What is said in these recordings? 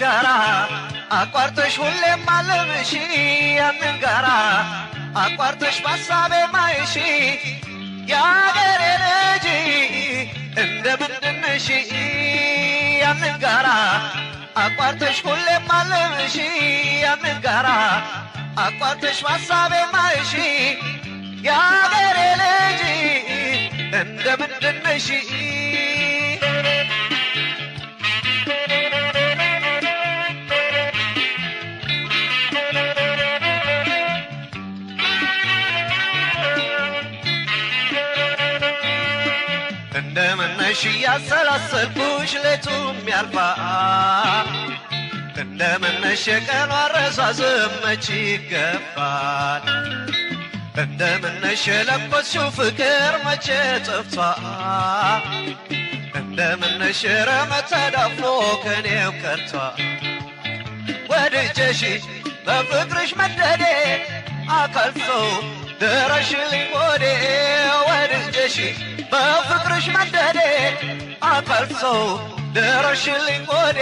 ጋራ አቋርጠሽ ሁሌም አለብሽ ያንን ጋራ አቋርጠሽ ባሳቤ ማይሽ የአገሬ ልጅ እንደ ምንድነሽ ያንን ጋራ አቋርጠሽ ሁሌም አለብሽ ያንን ጋራ አቋርጠሽ ባሳቤ ማይሽ የአገሬ ልጅ እንደ ምንድነሽ አሰላሰልኩሽ ሌቱም ያልፋል እንደምነሸቀኑ አረሳስም መች ይገባል እንደምነሽ የለበስሽው ፍቅር መቼ ጠፍቷ እንደምነሽ ረመት ተዳፍኖ ከኔው ቀርቷል ወድጀሽ በፍቅርሽ መደዴ አካልፈው ድረሽልኝ ሆዴ ወድጀሽ በፍቅርሽ መደዴ አፈርሰው ድረሽልኝ ሆዴ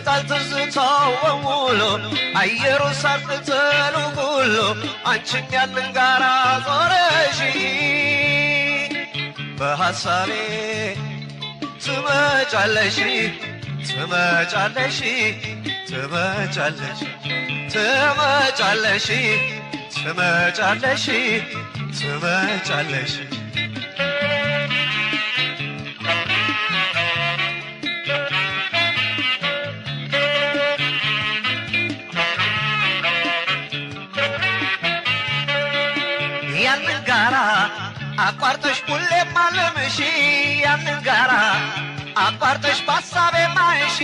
ይመጣል ትዝታው በሙሉ አየሩ ሳትተሉ ሁሉ አንቺም ያንን ጋራ ዞረሽ በሐሳቤ ትመጫለሽ ትመጫለሽ ትመጫለሽ ትመጫለሽ ትመጫለሽ ትመጫለሽ ጋራ አቋርጠሽ ሁሌ ማለምሺ ያንን ጋራ አቋርጠሽ ባሳቤ ማይሺ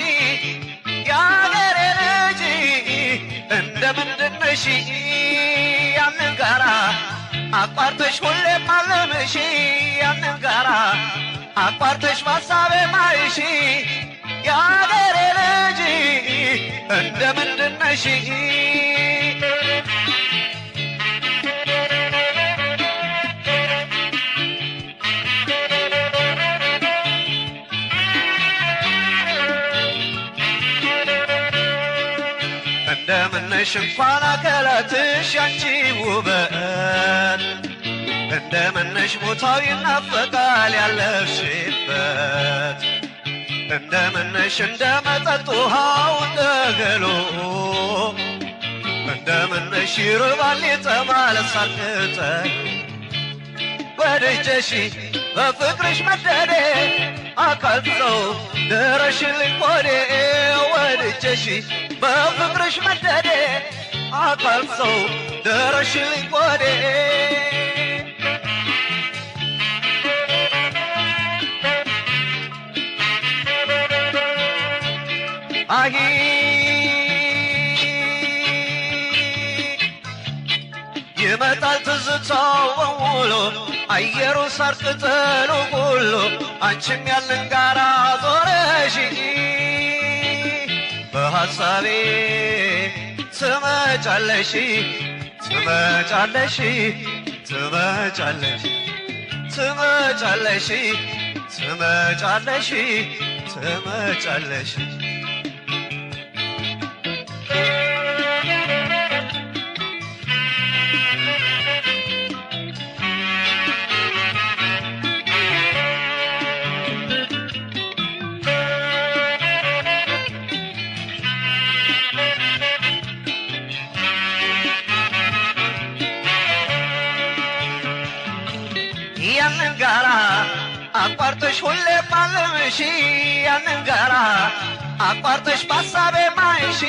የአገሬ ልጅ እንደ ያንን ጋራ አቋርጠሽ ሁሌ ማለምሺ ያንን ጋራ አቋርጠሽ ባሳቤ ማይሺ የአገሬ ልጅ እንደ እንደምነሽ እንኳን አካላትሽ ያንቺ ውበት እንደምነሽ ቦታው ይናፈቃል ያለፍሽበት እንደምነሽ እንደ መጠጥ ውሃው እንደ ገሎ እንደምነሽ ይርባል ይጠማል ሳትጠዩ ወድጀሽ በፍቅርሽ መደዴ አቃልጥሰው ደረሽልኝ ሆዴ ወድጀሽ በፍቅርሽ መደዴ አቃልጥሰው ደረሽልኝ ሆዴ ይመጣል ትዝታው በሙሉ አየሩ ሳር ቅጠሉ ሁሉ አንቺም ያለን ጋራ ዞረሽ በሀሳቤ ትመጫለሽ ትመጫለሽ ትመጫለሽ ትመጫለሽ ትመጫለሽ ትመጫለሽ አቋርጠሽ ሁሌ ባለምሺ ያንን ጋራ አቋርጠሽ ባሳቤ ማይሺ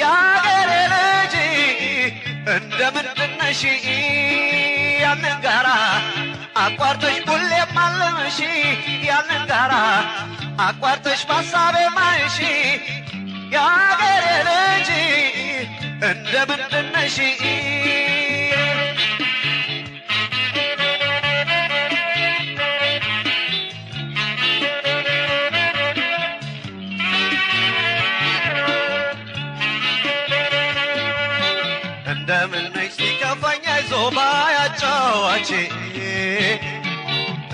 የአገሬ ልጅ እንደምንድነሽ ያንን ጋራ አቋርጠሽ ሁሌ ባለምሺ ያንን ጋራ አቋርጠሽ ባሳቤ ማይሺ የአገሬ ልጅ እንደምንድነሽ ተጫዋቼ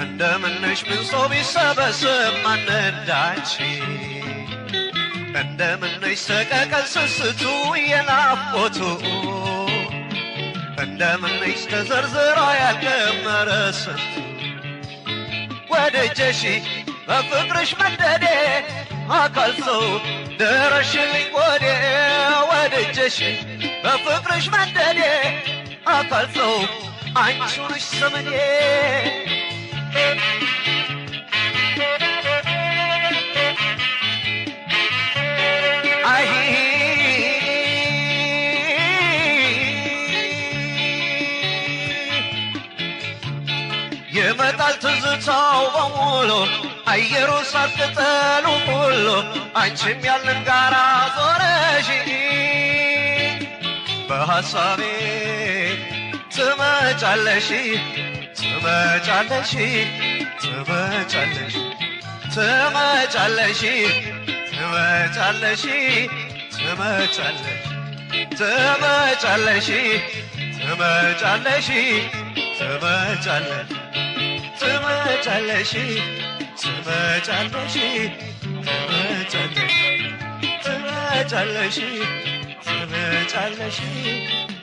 እንደምንሽ ብሶ ቢሰበስብ ማነዳቼ እንደምንሽ ሰቀቀን ስስቱ የናፎቱ እንደምንሽ ተዘርዝሮ ያልከመረ ስንቱ ወደጀሺ በፍቅርሽ መደዴ አካል ሰው ደረሽልኝ ወዴ ወደጀሽ በፍቅርሽ መደዴ አካል ሰው አንቺውንሽ ዘመኔ የመጣል ይመጣል ትዝታው በሙሉ አየሩ ሳት ቅጠሉ ሁሉ አንቺም ያለን ጋራ ዞረሽ በሐሳቤ 怎么站了起？怎么站了起？怎么站了起？怎么站了起？怎么站了起？怎么站了起？怎么站了起？怎么站了起？怎么站了起？怎么站了起？怎么站了起？怎么站了起？怎么站了起？怎么站了起？